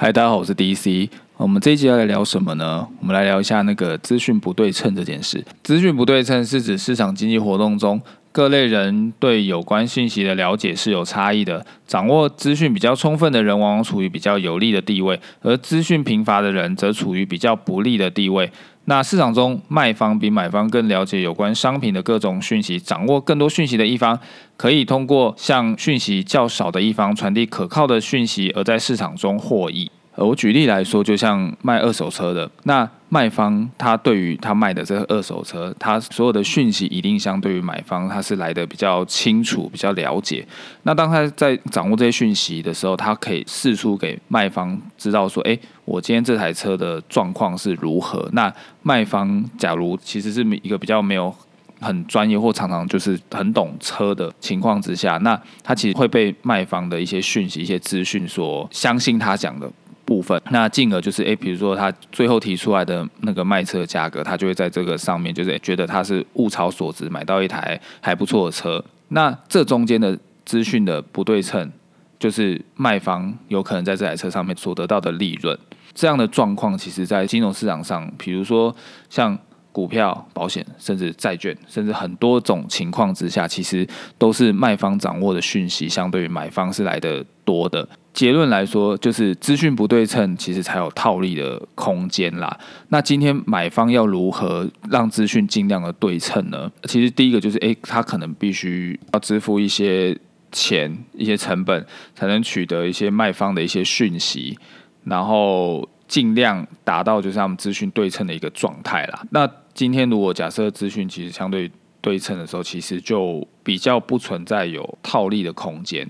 嗨，Hi, 大家好，我是 DC。我們這一集要來聊什麼呢？我們來聊一下那個資訊不對稱這件事。資訊不對稱是指市場經濟活動中各類人對有關信息的了解是有差異的。掌握資訊比較充分的人往往處於比較有利的地位，而資訊貧乏的人則處於比較不利的地位。那市場中賣方比買方更了解有關商品的各種訊息，掌握更多訊息的一方，可以通過向訊息較少的一方傳遞可靠的訊息，而在市場中獲益。而我舉例來說，就像賣二手車的那。賣方他對於他賣的這個二手車，他所有的訊息一定相對於買方他是來得比較清楚、比較了解。那當他在掌握這些訊息的時候，他可以釋出給賣方知道說：“哎，我今天這台車的狀況是如何。”那賣方假如其實是一個比較沒有很專業或常常就是很懂車的情況之下，那他其實會被賣方的一些訊息、一些資訊所相信他講的。部分，那進而就是誒、欸，比如說他最後提出來的那個賣車價格，他就會在這個上面，就是、欸、覺得他是物超所值，買到一台還不錯的車。那這中間的資訊的不對稱，就是賣方有可能在這台車上面所得到的利潤。這樣的狀況，其實在金融市場上，比如說像。股票、保險，甚至債券，甚至很多種情況之下，其實都是賣方掌握的訊息，相對於買方是來的多的。結論來說，就是資訊不對稱，其實才有套利的空間啦。那今天買方要如何讓資訊盡量的對稱呢？其實第一個就是，誒、欸，他可能必須要支付一些錢、一些成本，才能取得一些賣方的一些訊息，然後。盡量達到就是他們資訊對稱的一個狀態啦。那今天如果假設資訊其實相對對稱的時候，其實就比較不存在有套利的空間。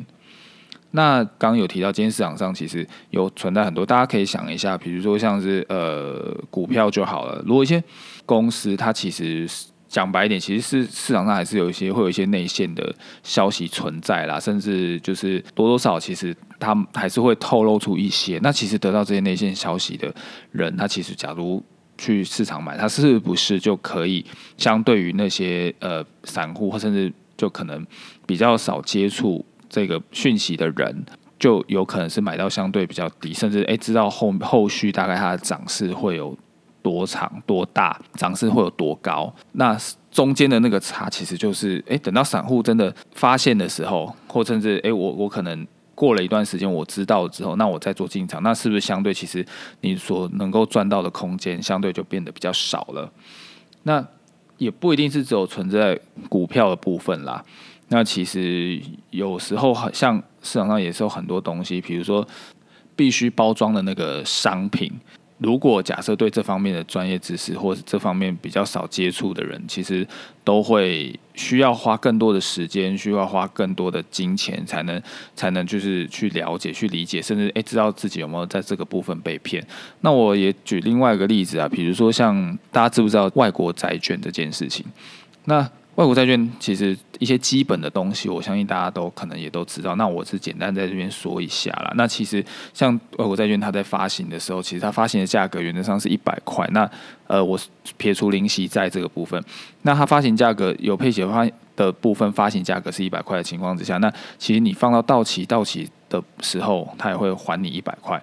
那剛剛有提到，今天市場上其實有存在很多，大家可以想一下，比如說像是呃股票就好了。如果一些公司它其實。講白一點，其實是市場上還是有一些會有一些內線的消息存在啦，甚至就是多多少少，其實他還是會透露出一些。那其實得到這些內線消息的人，他其實假如去市場買，他是不是就可以相對於那些呃散戶或甚至就可能比較少接觸這個訊息的人，就有可能是買到相對比較低，甚至哎知道後後續大概它的漲勢會有。多長多大，漲勢會有多高？那中間的那個差，其實就是哎、欸，等到散戶真的發現的時候，或甚至哎、欸，我我可能過了一段時間，我知道了之後，那我再做進場，那是不是相對其實你所能夠賺到的空間，相對就變得比較少了？那也不一定是只有存在股票的部分啦。那其實有時候像市場上也是有很多東西，比如說必須包裝的那個商品。如果假設對這方面的專業知識，或是這方面比較少接觸的人，其實都會需要花更多的時間，需要花更多的金錢，才能才能就是去了解、去理解，甚至哎、欸，知道自己有沒有在這個部分被騙。那我也舉另外一個例子啊，比如說像大家知不知道外國債券這件事情？那外國債券其實一些基本的東西，我相信大家都可能也都知道。那我是簡單在這邊說一下啦。那其實像外國債券，它在發行的時候，其實它發行的價格原則上是一百塊。那呃，我撇除零息債這個部分，那它發行價格有配息發的部分，發行價格是一百塊的情況之下，那其實你放到到期到期的時候，它也會還你一百塊。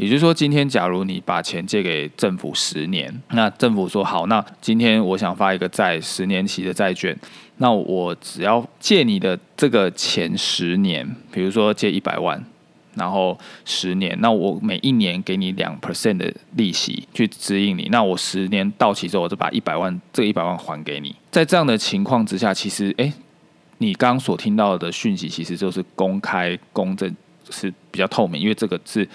也就是說，今天假如你把錢借給政府十年，那政府說好，那今天我想發一個債十年期的債券，那我只要借你的這個錢十年，比如說借一百萬，然後十年，那我每一年給你兩 percent 的利息去指引你，那我十年到期之後，我就把一百萬這一百萬還給你。在這樣的情況之下，其實，誒，你剛剛所聽到的訊息，其實就是公開、公正，是比較透明，因為這個是。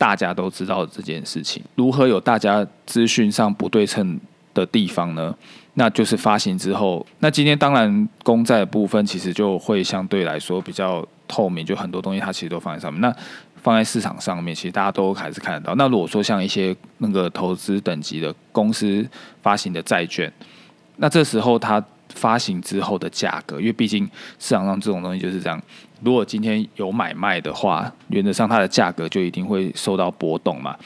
大家都知道這件事情，如何有大家資訊上不對稱的地方呢？那就是發行之後，那今天當然公債部分其實就會相對來說比較透明，就很多東西它其實都放在上面。那放在市場上面，其實大家都還是看得到。那如果說像一些那個投資等級的公司發行的債券，那這時候它。發行之後的價格，因為畢竟市場上這種東西就是這樣。如果今天有買賣的話，原則上它的價格就一定會受到波動嘛。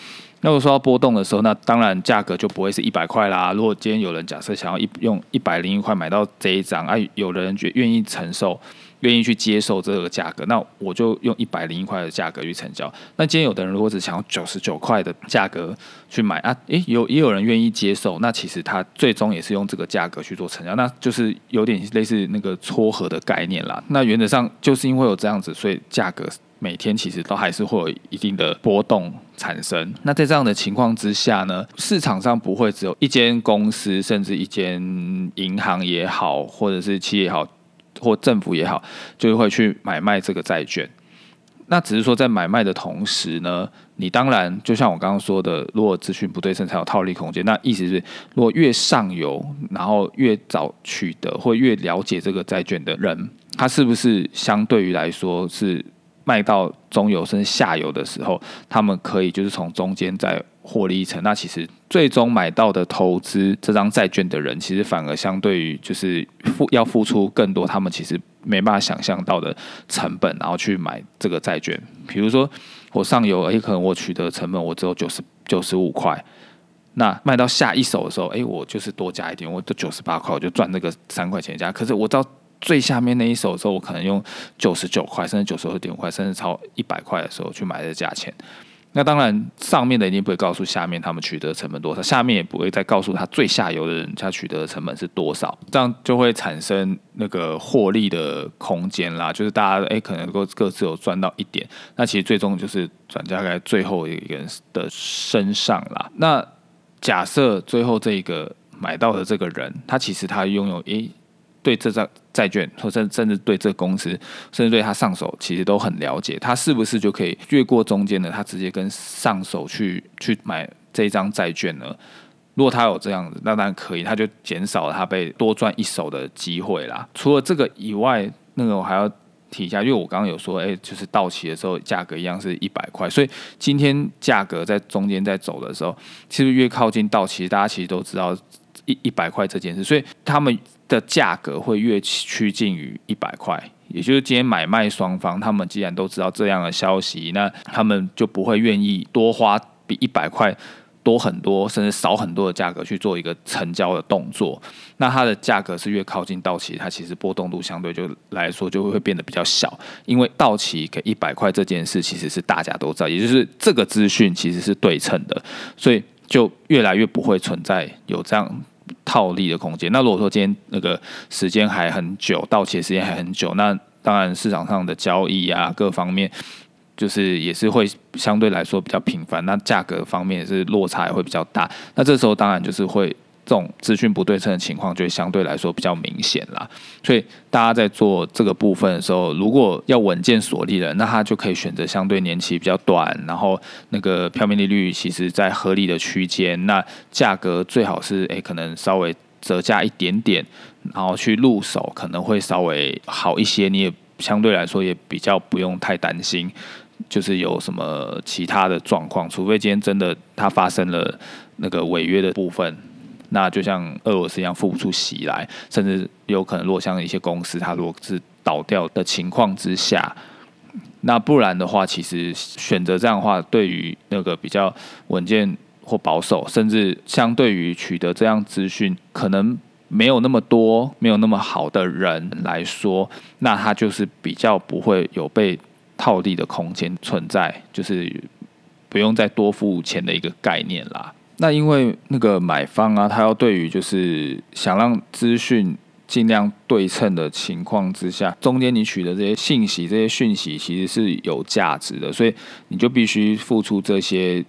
那我受到波動的時候，那當然價格就不會是一百塊啦。如果今天有人假設想要一用一百零一塊買到這一張，哎、啊，有人覺得願意承受。願意去接受這個價格，那我就用一百零一塊的價格去成交。那今天有的人如果只想要九十九塊的價格去買啊，誒、欸，有也有人願意接受，那其實他最終也是用這個價格去做成交，那就是有點類似那個撮合的概念啦。那原則上就是因為有這樣子，所以價格每天其實都還是會有一定的波動產生。那在這樣的情況之下呢，市場上不會只有一間公司，甚至一間銀行也好，或者是企業也好。或政府也好，就會去買賣這個債券。那只是說，在買賣的同時呢，你當然就像我剛剛說的，如果資訊不對稱才有套利空間。那意思是，如果越上游，然後越早取得或越了解這個債券的人，他是不是相對於來說是？賣到中游甚至下游的時候，他們可以就是從中間再獲利一成。那其實最終買到的投資這張債券的人，其實反而相對於就是付要付出更多，他們其實沒辦法想象到的成本，然後去買這個債券。比如說我上游，哎，可能我取得成本我只有九十九十五塊，那賣到下一手的時候，哎，我就是多加一點，我就九十八塊，我就賺那個三塊錢加。可是我到最下面那一手的時候，我可能用九十九塊，甚至九十九點五塊，甚至超一百塊的時候去買的價錢。那當然，上面的一定不會告訴下面他們取得成本多少，下面也不會再告訴他最下游的人他取得的成本是多少。這樣就會產生那個獲利的空間啦，就是大家哎、欸、可能夠各自有賺到一點。那其實最終就是轉嫁在最後一個人的身上啦。那假設最後這一個買到的這個人，他其實他擁有哎、欸、對這張。債券，或甚甚至對這個公司，甚至對他上手，其實都很了解。他是不是就可以越過中間的，他直接跟上手去去買這一張債券呢？如果他有這樣子，那當然可以，他就減少了他被多賺一手的機會啦。除了這個以外，那個我還要提一下，因為我剛剛有說，哎、欸，就是到期的時候價格一樣是一百塊，所以今天價格在中間在走的時候，其實越靠近到期，大家其實都知道一一百塊這件事，所以他們。的價格會越趨近於一百塊，也就是今天買賣雙方他們既然都知道這樣的消息，那他們就不會願意多花比一百塊多很多，甚至少很多的價格去做一個成交的動作。那它的價格是越靠近到期，它其實波動度相對就來說就會會變得比較小，因為到期給一百塊這件事其實是大家都知道，也就是這個資訊其實是對稱的，所以就越來越不會存在有這樣套利的空間。那如果說今天那個時間還很久，到期時間還很久，那當然市場上的交易啊，各方面就是也是會相對來說比較頻繁。那價格方面也是落差也會比較大。那這時候當然就是會，這種資訊不對稱的情況就相對來說比較明顯啦，所以大家在做這個部分的時候，如果要穩健鎖利的，那他就可以選擇相對年期比較短，然後那個票面利率其實，在合理的區間，那價格最好是誒，可能稍微折價一點點，然後去入手，可能會稍微好一些。你也相對來說也比較不用太擔心，就是有什麼其他的狀況，除非今天真的它發生了那個違約的部分。那就像俄羅斯一樣付不出息來，甚至有可能若像一些公司，它如果是倒掉的情況之下，那不然的話，其實選擇這樣的話，對於那個比較穩健或保守，甚至相對於取得這樣資訊可能沒有那麼多、沒有那麼好的人來說，那他就是比較不會有被套利的空間存在，就是不用再多付錢的一個概念啦。那因為那個買方啊，他要對於就是想讓資訊盡量對稱的情況之下，中間你取得這些信息、這些訊息其實是有價值的，所以你就必須付出這些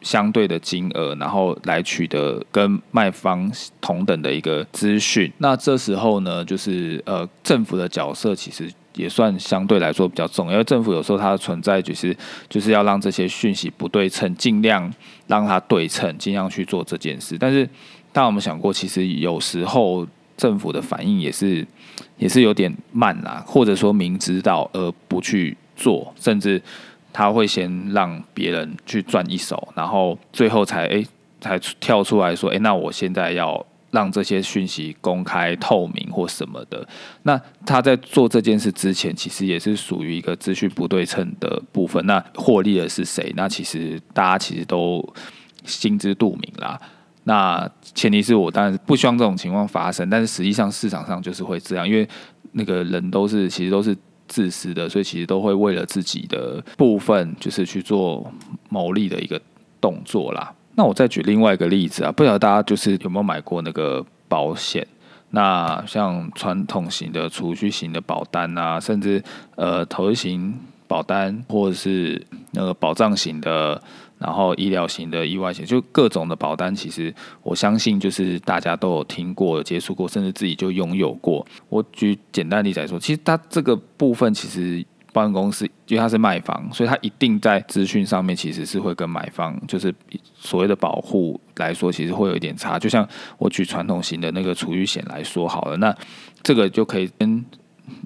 相對的金額，然後來取得跟賣方同等的一個資訊。那這時候呢，就是呃，政府的角色其實。也算相對來說比較重要，因為政府有時候它的存在就是，就是要讓這些訊息不對稱，盡量讓它對稱，盡量去做這件事。但是，但我們想過，其實有時候政府的反應也是，也是有點慢啦，或者說明知道而不去做，甚至他會先讓別人去賺一手，然後最後才欸，才跳出來說，欸，那我現在要。讓這些訊息公開透明或什麼的，那他在做這件事之前，其實也是屬於一個資訊不對稱的部分。那獲利的是誰？那其實大家其實都心知肚明啦。那前提是我，當然不希望這種情況發生，但是實際上市場上就是會這樣，因為那個人都是其實都是自私的，所以其實都會為了自己的部分，就是去做牟利的一個動作啦。那我再舉另外一個例子啊，不曉得大家就是有沒有買過那個保險？那像傳統型的、儲蓄型的保單啊，甚至呃投資型保單，或者是那個保障型的，然後醫療型的、意外險，就各種的保單，其實我相信就是大家都有聽過、接觸過，甚至自己就擁有過。我舉簡單例子來說，其實它這個部分其實。保險公司因為它是賣方，所以它一定在資訊上面其實是會跟買方，就是所謂的保戶來說，其實會有一點差。就像我舉傳統型的那個儲蓄險來說好了，那這個就可以跟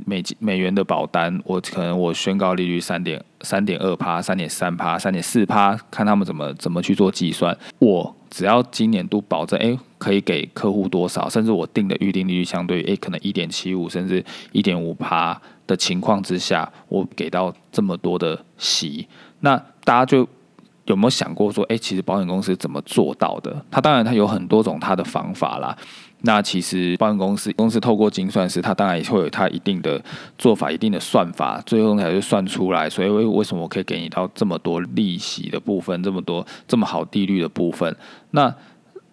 美金美元的保單，我可能我宣告利率三點三點二趴、三點三趴、三點四趴，看他們怎麼怎麼去做計算。我只要今年都保證，哎，可以給客戶多少，甚至我定的預定利率相對，哎，可能一點七五甚至一點五趴。的情況之下，我給到這麼多的息，那大家就有沒有想過說，哎、欸，其實保險公司怎麼做到的？它當然它有很多種它的方法啦。那其實保險公司公司透過精算師，他當然也會有他一定的做法、一定的算法，最後才是算出來。所以為為什麼我可以給你到這麼多利息的部分，這麼多這麼好利率的部分？那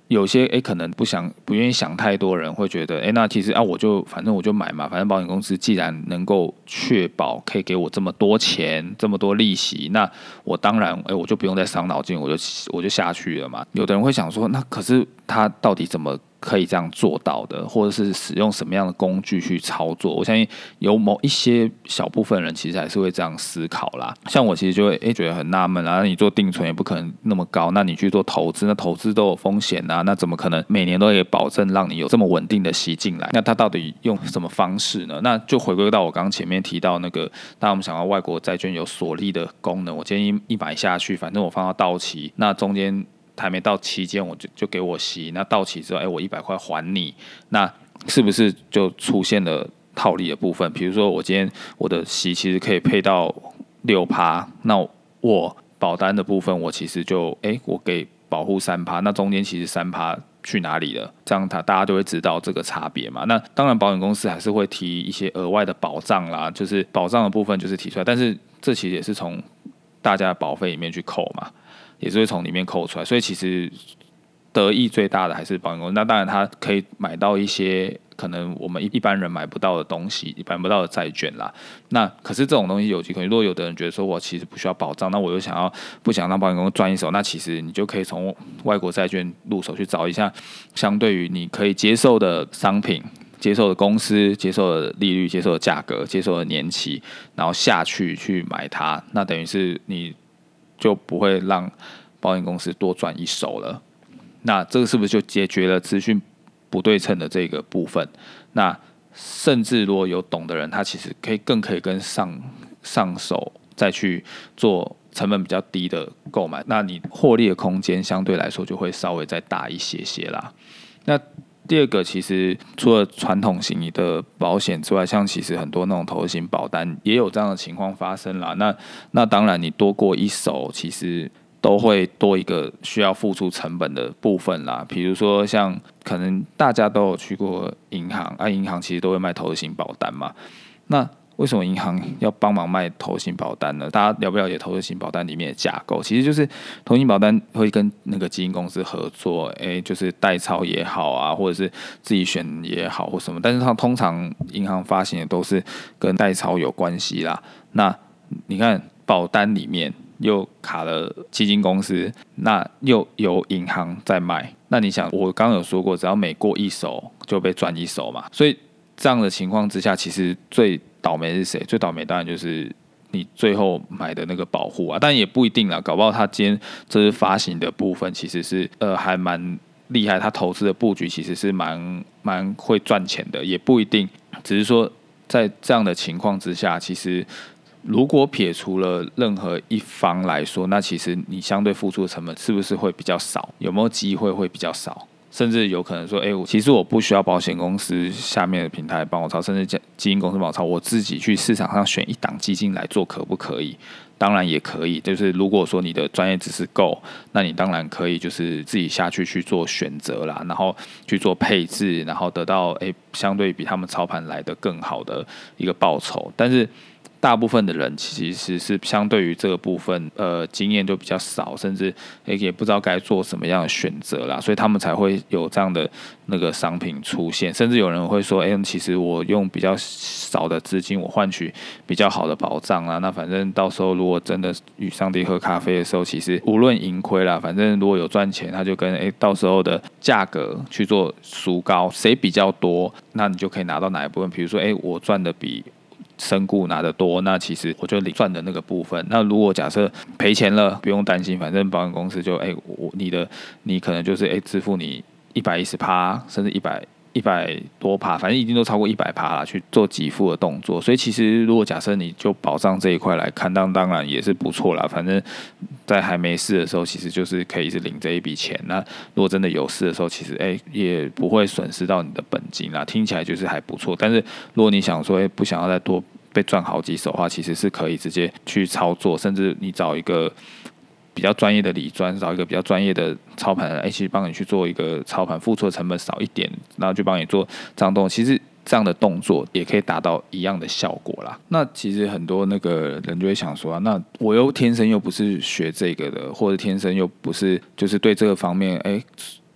有些誒、欸，可能不想、不願意想太多，人會覺得哎、欸，那其實啊，我就反正我就買嘛，反正保險公司既然能夠確保可以給我這麼多錢、嗯、這麼多利息，那我當然誒、欸，我就不用再傷腦筋，我就我就下去了嘛。有的人會想說，那可是他到底怎麼？可以這樣做到的，或者是使用什麼樣的工具去操作？我相信有某一些小部分人其實還是會這樣思考啦。像我其實就會誒、欸、覺得很納悶啊，你做定存也不可能那麼高，那你去做投資，那投資都有風險啊，那怎麼可能每年都可以保證讓你有這麼穩定的息進來？那他到底用什麼方式呢？那就回歸到我剛剛前面提到的那個，當我們想要外國債券有鎖利的功能，我建議一買下去，反正我放到到期，那中間。還沒到期間，我就就給我息，那到期之後，哎、欸，我一百塊還你，那是不是就出現了套利的部分？比如說我今天我的息其實可以配到六趴，那我保單的部分我其實就哎、欸、我給保護三趴，那中間其實三趴去哪裡了？這樣他大家就會知道這個差別嘛。那當然保險公司還是會提一些額外的保障啦，就是保障的部分就是提出來，但是這其實也是從大家的保費裡面去扣嘛。也是會從裡面扣出來，所以其實得益最大的還是保險公司。那當然，它可以買到一些可能我們一一般人買不到的東西，買不到的債券啦。那可是這種東西有機會，如果有的人覺得說我其實不需要保障，那我就想要不想讓保險公司賺一手，那其實你就可以從外國債券入手去找一下，相對於你可以接受的商品，接受的公司，接受的利率，接受的價格，接受的年期，然後下去去買它。那等於是你。就不會讓保險公司多賺一手了。那這個是不是就解決了資訊不對稱的這個部分？那甚至如果有懂的人，他其實可以更可以跟上上手，再去做成本比較低的購買。那你獲利的空間相對來說就會稍微再大一些些啦。那第二個，其實除了傳統型的保險之外，像其實很多那種投資型保單也有這樣的情況發生啦。那那當然，你多過一手，其實都會多一個需要付出成本的部分啦。比如說，像可能大家都有去過銀行啊，銀行其實都會賣投資型保單嘛。那為什麼銀行要幫忙賣投信保單呢？大家了不了解投資型保單裡面的架構？其實就是投信保單會跟那個基金公司合作，哎，就是代操也好啊，或者是自己選也好或什麼。但是它通常銀行發行的都是跟代操有關係啦。那你看保單裡面又卡了基金公司，那又有銀行在賣。那你想，我剛剛有說過，只要每過一手就被轉一手嘛。所以這樣的情況之下，其實最倒霉是誰？最倒霉當然就是你最後買的那個保護啊，但也不一定啦，搞不好他今天這是發行的部分，其實是呃還蠻厲害，他投資的布局其實是蠻蠻會賺錢的，也不一定。只是說在這樣的情況之下，其實如果撇除了任何一方來說，那其實你相對付出的成本是不是會比較少？有沒有機會會比較少？甚至有可能說，哎、欸，我其實我不需要保險公司下面的平台幫我操，甚至基金公司幫我操，我自己去市場上選一檔基金來做，可不可以？當然也可以。就是如果說你的專業知識夠，那你當然可以，就是自己下去去做選擇啦，然後去做配置，然後得到哎、欸、相對比他們操盤來得更好的一個報酬。但是。大部分的人其實是相對於這個部分，呃，經驗就比較少，甚至、欸、也不知道該做什麼樣的選擇啦，所以他們才會有這樣的那個商品出現。甚至有人會說：“哎、欸，其實我用比較少的資金，我換取比較好的保障啦。那反正到時候如果真的與上帝喝咖啡的時候，其實無論盈虧啦，反正如果有賺錢，他就跟哎、欸、到時候的價格去做孰高誰比較多，那你就可以拿到哪一部分。比如說，哎、欸，我賺的比。”身故拿得多，那其實我就領賺的那個部分。那如果假設賠錢了，不用擔心，反正保險公司就哎、欸，我你的你可能就是哎、欸，支付你一百一十趴，甚至一百。一百多趴，反正已經都超過一百趴了，去做給付的動作，所以其實如果假設你就保障這一塊來看，當當然也是不錯啦。反正在還沒事的時候，其實就是可以是領這一筆錢。那如果真的有事的時候，其實誒、欸、也不會損失到你的本金啦。聽起來就是還不錯。但是如果你想說、欸、不想要再多被賺好幾手的話，其實是可以直接去操作，甚至你找一個。比較專業的理專，找一個比較專業的操盤人，哎、欸，去幫你去做一個操盤，付出的成本少一點，然後就幫你做這樣動作。其實這樣的動作也可以達到一樣的效果啦。那其實很多那個人就會想說啊，那我又天生又不是學這個的，或者天生又不是就是對這個方面哎、欸，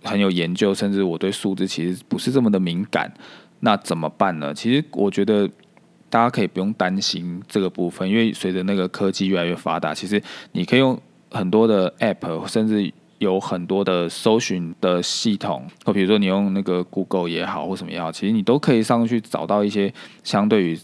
很有研究，甚至我對數字其實不是這麼的敏感，那怎麼辦呢？其實我覺得大家可以不用擔心這個部分，因為隨着那個科技越來越發達，其實你可以用。很多的 App，甚至有很多的搜尋的系統，或比如說你用那個 Google 也好，或什麼也好，其實你都可以上去找到一些相對於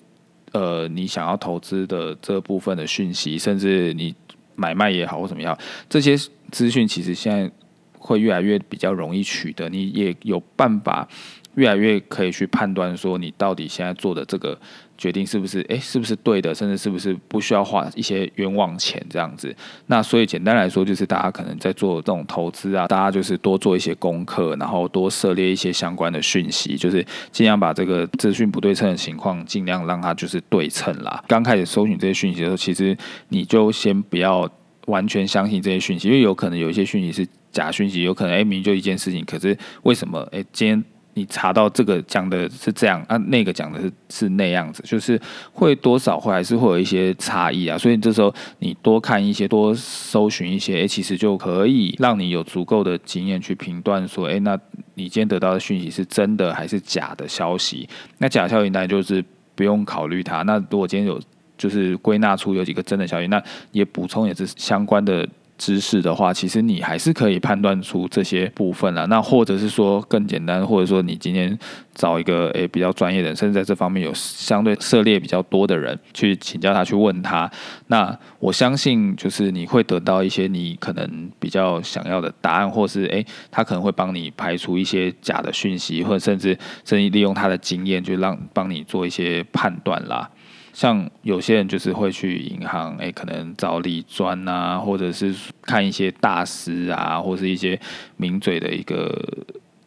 呃你想要投資的這部分的訊息，甚至你買賣也好或什麼也好，這些資訊其實現在會越來越比較容易取得，你也有辦法。越來越可以去判斷說，你到底現在做的這個決定是不是誒、欸，是不是對的，甚至是不是不需要花一些冤枉錢這樣子。那所以簡單來說，就是大家可能在做這種投資啊，大家就是多做一些功課，然後多涉獵一些相關的訊息，就是盡量把這個資訊不對稱的情況，盡量讓它就是對稱啦。剛開始搜尋這些訊息的時候，其實你就先不要完全相信這些訊息，因為有可能有一些訊息是假訊息，有可能哎，欸、明，明就一件事情，可是為什麼哎、欸，今天？你查到這個講的是這樣啊，那個講的是是那樣子，就是會多少會還是會有一些差異啊，所以這時候你多看一些，多搜尋一些，誒、欸，其實就可以讓你有足夠的經驗去評斷說，哎、欸，那你今天得到的訊息是真的還是假的消息？那假消息呢，就是不用考慮它。那如果今天有就是歸納出有幾個真的消息，那也補充也是相關的。知識的話，其實你還是可以判斷出這些部分啦。那或者是說更簡單，或者說你今天找一個誒、欸、比較專業的人，甚至在這方面有相對涉獵比較多的人去請教他，去問他。那我相信就是你會得到一些你可能比較想要的答案，或是誒、欸、他可能會幫你排除一些假的訊息，或者甚至甚至利用他的經驗，就讓幫你做一些判斷啦。像有些人就是會去銀行，哎，可能找理專啊，或者是看一些大師啊，或是一些名嘴的一個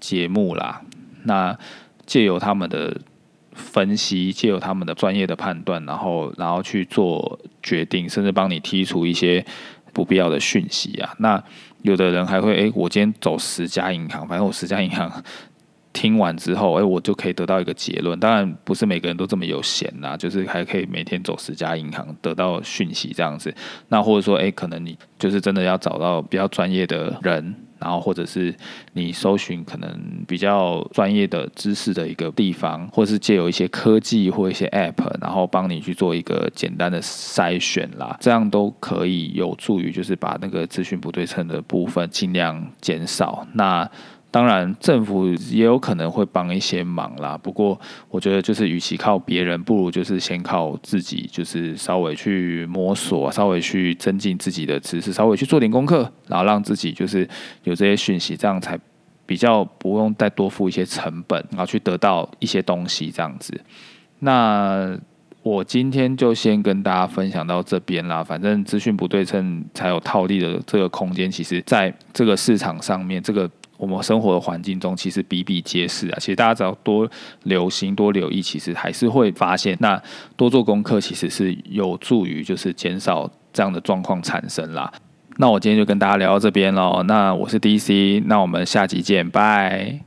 節目啦。那借由他們的分析，借由他們的專業的判斷，然後然後去做決定，甚至幫你剔除一些不必要的訊息啊。那有的人還會，哎，我今天走十家銀行，反正我十家銀行。聽完之後，哎，我就可以得到一個結論。當然，不是每個人都這麼有閒啦、啊，就是還可以每天走十家銀行得到訊息這樣子。那或者說，哎，可能你就是真的要找到比較專業的人，然後或者是你搜尋可能比較專業的知識的一個地方，或者是借由一些科技或一些 App，然後幫你去做一個簡單的篩選啦，這樣都可以有助於就是把那個資訊不對稱的部分盡量減少。那當然，政府也有可能會幫一些忙啦。不過，我覺得就是與其靠別人，不如就是先靠自己，就是稍微去摸索，稍微去增進自己的知識，稍微去做點功課，然後讓自己就是有這些訊息，這樣才比較不用再多付一些成本，然後去得到一些東西這樣子。那我今天就先跟大家分享到這邊啦。反正資訊不對稱才有套利的這個空間，其實在這個市場上面，這個。我們生活的環境中其實比比皆是啊，其實大家只要多留心、多留意，其實還是會發現。那多做功課其實是有助於，就是減少這樣的狀況產生啦。那我今天就跟大家聊到這邊嘍。那我是 DC，那我們下集見，拜。